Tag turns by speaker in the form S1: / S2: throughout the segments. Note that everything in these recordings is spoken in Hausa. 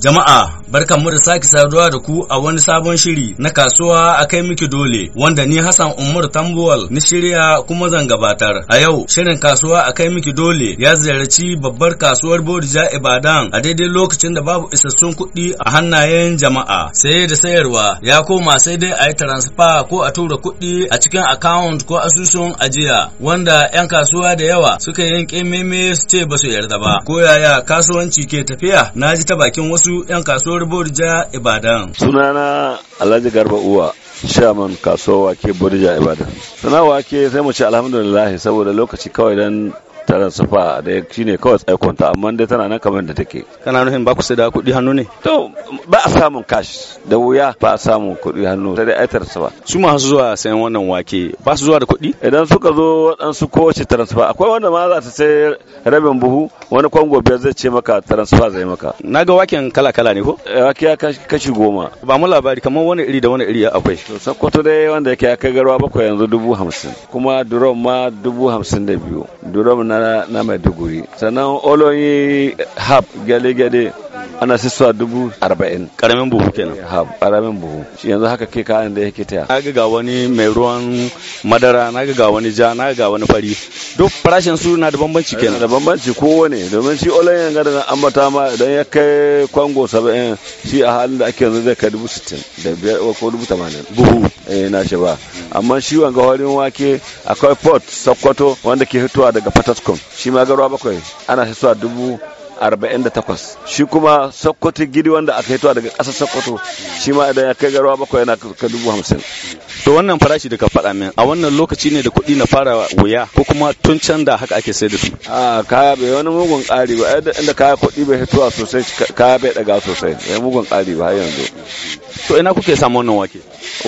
S1: Jama'a Barkan mu da sake saduwa da ku a wani sabon shiri na kasuwa a kai miki dole wanda ni Hassan Umar Tambuwal ni shirya kuma zan gabatar. A yau shirin kasuwa a kai miki dole ya ziyarci babbar kasuwar Bodija Ibadan a daidai lokacin da babu isassun kuɗi a hannayen jama'a. Saye da sayarwa ya koma sai dai a yi transfer ko a tura kuɗi a cikin account ko asusun ajiya wanda 'yan kasuwa da yawa suka yin meme su ce ba su yarda ba. Ko yaya kasuwanci ke tafiya? Na ji ta bakin wasu 'yan kasuwa. sabuwar Ibadan.
S2: Sunana Alhaji Garba Uwa. shaman kasuwa wake burja ibadan sana'a ke sai mu ce alhamdulillah saboda lokaci kawai dan tarin sufa da shine kawai tsaikonta amma dai tana nan kamar da take
S1: kana nufin ba ku sai da kuɗi hannu ne
S2: to ba a samun cash da wuya ba a samun kuɗi hannu sai dai aitar sufa su masu zuwa sayan wannan wake ba su zuwa da kuɗi idan suka zo waɗansu kowace transfer akwai wanda ma za ta sai rabin buhu wani kwango biyar zai ce maka transfer zai maka na ga waken kala kala ne ko eh, wake ya kashi goma ba mu labari kamar wani iri da wani iri ya akwai to sakkwato dai wanda yake ya kai garwa bakwai yanzu dubu hamsin kuma durom ma dubu hamsin da biyu durom na na, na maiduguri sannan olonyi hap gyale-gyale ana sissuwa dubu arba'in karamin buhu kenan karamin buhu yanzu haka ke kayan da yake taya na ga wani mai ruwan madara na ga wani ja na ga wani fari duk farashin su na da bambanci kenan da bambanci kowane domin shi olayen ga da ambata ma idan ya kai kwango saba'in shi a halin da ake yanzu zai kai dubu sittin da biyar ko dubu tamanin buhu eh, na shi ba amma shi wanga horin wake akwai port sokoto wanda ke fitowa daga fataskom shi ma ga ruwa bakwai ana sissuwa dubu 48 shi kuma sokoto gidi wanda aka hito daga ƙasar sokoto shi ma idan ya kai garuwa bako bakwai yana ka dubu hamsin to wannan farashi da ka faɗa min a wannan lokaci ne da kuɗi na fara wuya ko kuma tun can da haka ake sayar da su a kaya bai wani mugun ƙari ba inda kaya kuɗi bai hitowa sosai kaya bai ɗaga sosai ya mugun ƙari ba har yanzu to ina kuke samu wannan wake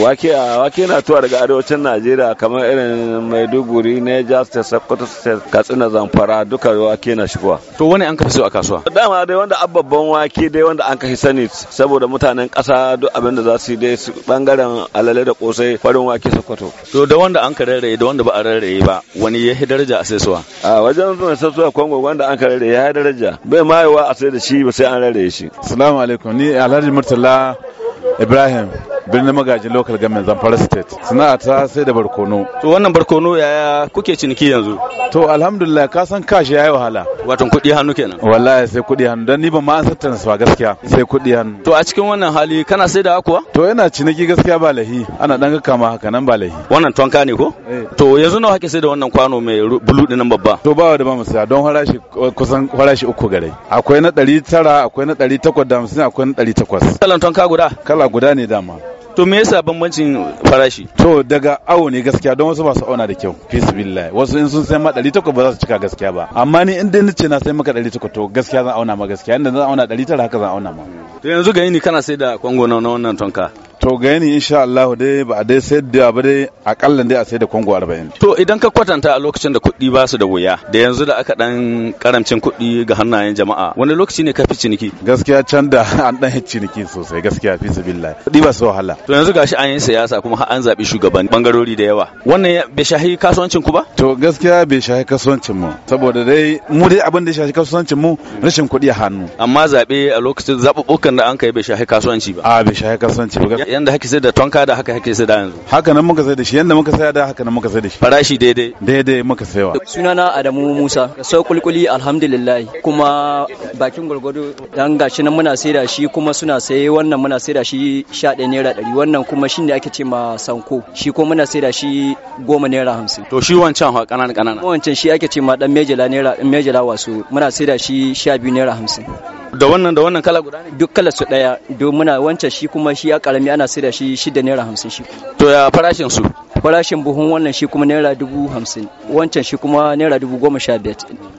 S2: wake a wake na tuwa daga arewacin najeriya kamar irin maiduguri neja state sokoto state katsina zamfara duka wake na shigowa to wani an kafa so a kasuwa dama dai wanda ababban wake dai wanda an kafa sani saboda mutanen kasa duk abin da za su yi dai su bangaren alale da kosai farin wake
S1: sokoto to da wanda an ka rarraye da wanda ba a rarraye ba wani ya yi daraja a saisuwa
S2: a wajen mai saisuwa kongo wanda an ka rarraye ya yi daraja bai ma a sai da shi ba sai an rarraye shi assalamu
S3: alaikum ni alhaji murtala Ibrahim birnin magaji local government zamfara state sana'a ta sai da barkono to wannan barkono yaya kuke ciniki yanzu to alhamdulillah ka san kashi yayi wahala
S1: watan kudi hannu kenan
S3: wallahi sai kudi hannu dan ni ba ma san transfer gaskiya sai kudi hannu to a cikin wannan hali kana sai da kuwa to yana ciniki gaskiya ba lahi ana dan kama haka nan ba lahi wannan tonka ne ko eh. to yanzu nawa kake sai da wannan kwano mai bulu dinan babba to ba da ba mu saya don harashi kusan harashi uku gare akwai na 900 akwai na 850 akwai na 800 kalan tonka guda kala guda ne dama to me yasa bambancin farashi to daga awo ne gaskiya don wasu masu auna da kyau bismillah wasu in sun sai ma 800 ba za su cika gaskiya ba amma ni in dai nace na sai maka 800 to gaskiya zan auna ma gaskiya inda zan auna 900 haka zan auna ma
S1: to yanzu ga ni kana sai da kwango na wannan tonka
S3: to gani insha Allah dai ba a dai sayar da ba dai akalla dai a sayar da kongo 40
S1: to idan ka kwatanta a lokacin da kuɗi ba su da wuya da yanzu da aka dan karamcin kuɗi ga hannayen jama'a wani lokaci ne ka fi ciniki
S3: gaskiya can da an dan ciniki sosai gaskiya fi billahi kuɗi ba su wahala
S1: to yanzu gashi an yi siyasa kuma har an zabi shugaban bangarori da yawa
S3: wannan bai shahi kasuwancin ku ba to gaskiya bai shahi kasuwancin mu saboda dai mu dai abin da shahi kasuwancin mu rashin kuɗi a hannu
S1: amma zabe a lokacin zaɓuɓɓukan da an kai bai shahi kasuwanci ba
S3: a bai shahi kasuwanci
S1: ba yanda haka sai da tonka da haka haka sai da yanzu
S3: haka nan muka
S4: sai da shi yanda muka sai
S3: da haka nan muka sai da shi farashi daidai daidai muka wa.
S4: sunana Adamu Musa sai kulkuli alhamdulillah kuma bakin gurgudu dan gashi nan muna sai da shi kuma suna saye wannan muna sai da shi 11 naira 100 wannan kuma shine ake ce ma sanko shi ko muna sai da shi 10 naira 50 to shi wancan ha kanana kanana wancan shi ake ce ma dan mejela naira mejela wasu muna sai da shi 12 naira 50 da wannan da wannan kala guda ne duk kala su daya don muna wancan shi kuma shi ya karami ana sai da shi shida naira hamsin shi to ya farashin su farashin buhun wannan shi kuma naira dubu hamsin wancan shi kuma naira dubu goma sha biyar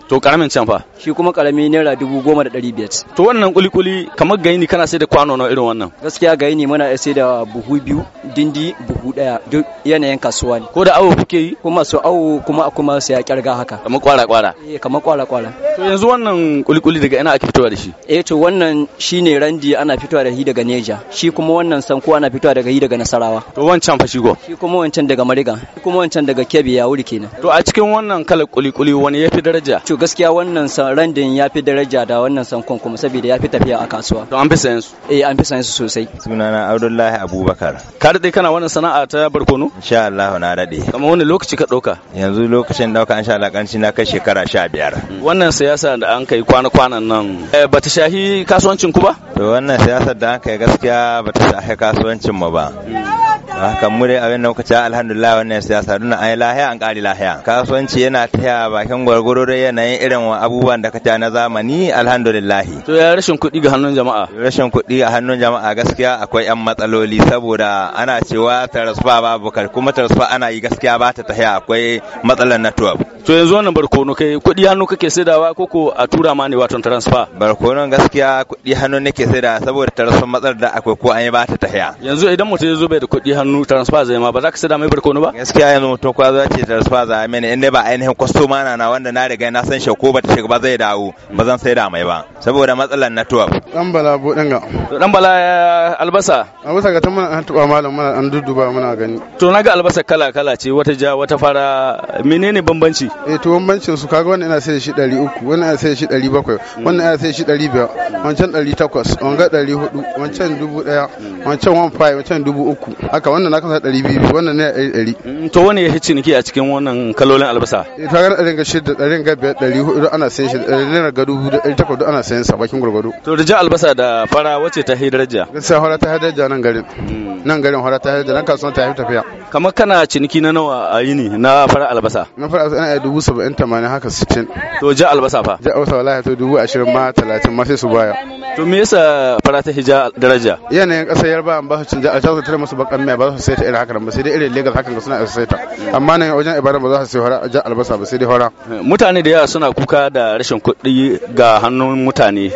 S1: to karamin can fa
S4: shi kuma karami naira dubu goma da ɗari biyar to wannan kulikuli kamar gaini
S1: kana sai da kwano na irin wannan
S4: gaskiya gaini muna sai da buhu biyu dindi buhu ɗaya duk yanayin kasuwa ne ko da awo kuke yi Ko masu awo kuma a kuma sai ya kyarga haka kamar kwara kwara eh kamar kwara kwara to
S1: yanzu wannan kulikuli daga ina ake fitowa da shi
S4: eh to wannan shine randi ana fitowa da shi daga neja shi kuma wannan sanko ana fitowa daga shi daga nasarawa
S1: to wancan fa shi go
S4: shi kuma wancan daga Mariga. kuma wancan daga Kebbi ya wuri kenan to a cikin wannan kalar kulikuli wani ya fi daraja to gaskiya wannan randin fi daraja da wannan sankon kuma saboda fi tafiya a kasuwa to an fi sayan su eh an fi sayan su sosai
S5: sunana Abdullahi Abubakar ka dade kana wannan sana'a ta barkono insha Allah na dade kamar wani lokaci ka dauka yanzu lokacin dauka insha Allah kanci na kai shekara 15
S1: wannan siyasa da an kai kwana-kwanan nan eh, bata shahi kasuwancin ku ba
S5: to wannan siyasa da an kai gaskiya bata shahi kasuwancin mu ba hmm. hakan mu dai abin da muka alhamdulillah wannan siyasa duna ai lahiya an ƙari lahiya kasuwanci yana taya bakin gwargwaro da yanayin irin abubuwan da kaca na zamani alhamdulillah to ya rashin kuɗi ga hannun jama'a rashin kuɗi a hannun jama'a gaskiya akwai yan matsaloli saboda ana cewa tarasfa babu kuma tarasfa ana yi gaskiya ba ta tahiya akwai matsalar network to yanzu wannan barkono kai kuɗi hannu kake saidawa ko ko a tura ma ne wato transfer barkonon gaskiya kuɗi hannu nake saidawa saboda tarasan matsalar da akwai ko an yi ba ta tahiya yanzu idan mutum ya zo bai da kuɗi hannu transfer zai ma ba za ka saida mai barkono ba gaskiya yanzu mutum ko za ce transfer za ne inda ba ainihin kwastoma na na wanda na riga na san shi ko ba ta shiga ba zai dawo ba zan saida mai ba saboda matsalar network
S6: dan bala bo dan ga dan
S5: bala albasa
S6: albasa ga tun an tuba malam mana an dudduba muna gani to naga
S1: albasa kala kala ce wata ja wata fara menene bambanci
S6: eh to bambancin su kaga wannan ina sai shi 300 wannan ina sai shi 700 wannan ina sai shi 500 wancan 800 wanga 400 wancan 1000 wancan 1500 wancan 3000 haka wannan na kasa 200 wannan ne 100 mm, to wani ya
S1: hici niki a cikin wannan kalolin albasa
S6: eh ka ga ɗarin shi da ɗarin ga 400 ana sai shi ɗarin ga 2800 ana sayan sa bakin gurgudu
S1: to da ja albasa da fara wace
S6: ta hidarja gaskiya fara ta hidarja nan garin mm. nan garin fara ta hidarja nan kasuwan ta tafiya kamar kana ciniki na nawa a yini na fara albasa na fara albasa eh, dubu saba'in tamanin haka sittin. To ja albasa fa? Ja albasa wallahi to dubu ashirin ma talatin ma sai su baya. To me yasa
S1: fara ta hija daraja?
S6: Yanayin ƙasar yarba ba su canja tare musu bakan mai ba su sai ta irin haka ba sai dai irin legal suna sai ta. Amma nan wajen ibada ba za su sai hora ja albasa ba sai dai hora. Mutane da yawa suna
S1: kuka da rashin kuɗi ga hannun mutane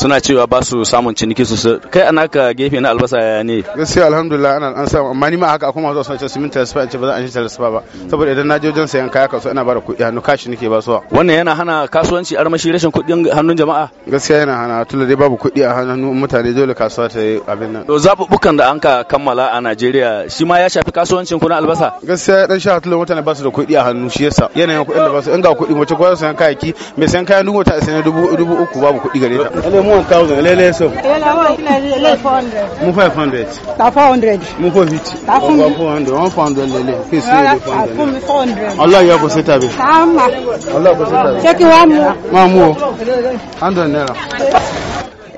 S1: suna cewa ba su samun ciniki su kai ana ka gefe na albasa ya ne
S6: gaskiya alhamdulillah ana an samu amma ni ma haka akwai masu sanace su min talasfa ba za a an talasfa ba saboda idan na je wajen sayan kaya kasuwa ina bada kuɗi hannu kashi nake ba suwa wannan yana hana kasuwanci armashi rashin kuɗin hannun jama'a gaskiya yana hana tunda dai babu kuɗi a hannun mutane dole kasuwa ta yi abin nan
S1: to zaɓuɓɓukan da an ka kammala a Najeriya shi ma ya shafi kasuwancin kuna
S6: albasa gaskiya dan sha hatulun mutane ba su da kuɗi a hannu shi yasa yanayin kuɗin da ba su in ga kuɗi mace ko sayan kayaki mai sayan kaya dubu ta sayan dubu uku babu kuɗi gare ta mu 1000 lele so mu 500
S7: ta 400
S6: ta 400 400 lele ke se
S7: 400
S6: Allah ya ko se tabe Allah ko se tabe ki wa mu ma mu
S7: 100 naira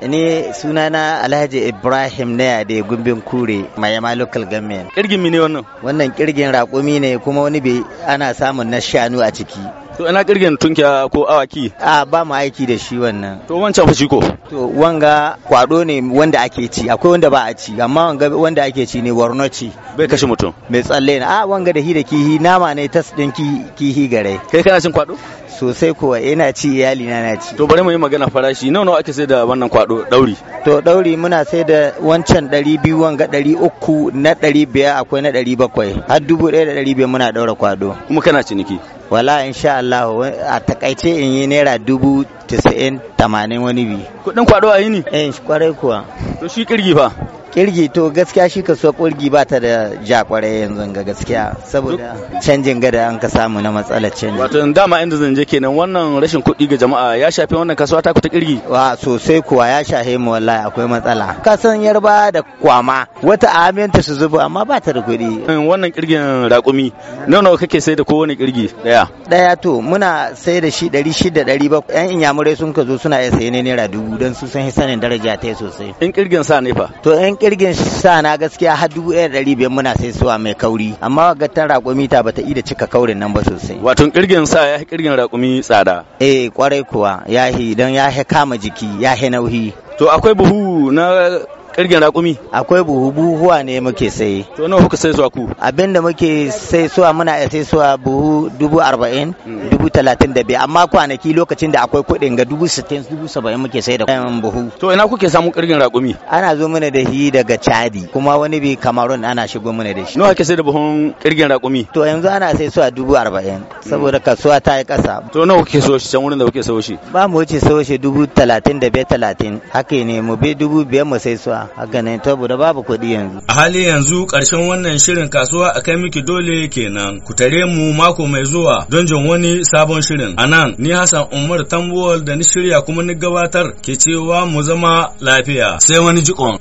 S7: ni sunana alhaji ibrahim na yade gumbin kure mayama local government kirgin ne wannan wannan kirgin rakumi ne kuma wani bai ana samun na shanu a ciki to ina kirgin tunkiya ko awaki a ba mu aiki da shi wannan to wancan fa ko to wanga kwado ne wanda ake ci akwai wanda ba a ci amma wanga wanda ake ci ne warnoci. ci bai kashe mutum mai tsalle ne a wanga da hi da kihi nama ne tas din kihi gare kai kana cin kwado sosai kuwa ina ci iyali na na ci
S1: to bari mu yi magana farashi nawa nawa ake sai da wannan kwado dauri
S7: to dauri muna sai da wancan biyu wanga uku na biyar akwai na bakwai har biyar muna daura kwado kuma kana ciniki wala in sha Allah a takaice in yi naira dubu tisa'in tamanin wani bi kuɗin kwado a yi ne eh kwarai kuwa to shi kirgi fa kirgi to gaskiya shi kaso kurgi ba ta da ja kwarai yanzu ga gaskiya saboda canjin gada an ka samu na matsalar canji
S1: wato dama inda zan je kenan wannan rashin kuɗi ga jama'a ya shafi wannan kasuwa ta ku ta kirgi
S7: wa sosai kuwa ya shafe mu wallahi akwai matsala kasan yarba da kwama wata aminta su zuba amma ba ta da kuɗi eh, wannan kirgin raƙumi nawa nawa kake sai da kowane kirgi daya daya to muna sai da shi ɗari 700 yan inyamurai sun ka zo suna iya saye ne naira dubu don su san sanin daraja ta sosai in kirgin sa ne fa to in kirgin sa na gaskiya har dubu ɗaya ɗari biyar muna sai suwa mai kauri amma ga ta raƙumi ta bata ida cika kaurin nan ba sosai. Wato kirgin sa ya kirgin raƙumi tsada. Eh kwarai kuwa ya don ya kama jiki ya nauyi. To akwai buhu na kirgin raƙumi akwai buhu buhuwa ne muke saye to nawa kuka sai zuwa ku abinda muke sai suwa muna iya sai suwa buhu dubu arba'in hmm. dubu talatin da biyu amma kwanaki lokacin da akwai kuɗin ga dubu sittin dubu saba'in muke sai da buhu
S1: to ina kuke samu kirgin raƙumi
S7: ana zo mana da shi daga chadi kuma wani bi kamarun ana shigo mana da shi nawa kake sai da buhun kirgin raƙumi to yanzu ana sai suwa dubu arba'in saboda kasuwa ta yi ƙasa to nawa kuke so shi can wurin da kuke so shi ba mu wuce so shi dubu talatin da biyar talatin haka ne mu bi dubu biyar mu sai suwa a haka ne saboda babu kuɗi yanzu
S1: a hali yanzu ƙarshen wannan shirin kasuwa a kai miki dole kenan ku tare mu mako mai zuwa don jin wani sabon shirin a nan ni Hassan
S2: Umar Tambuwal da ni shirya kuma ni gabatar ke cewa mu zama lafiya sai wani jikon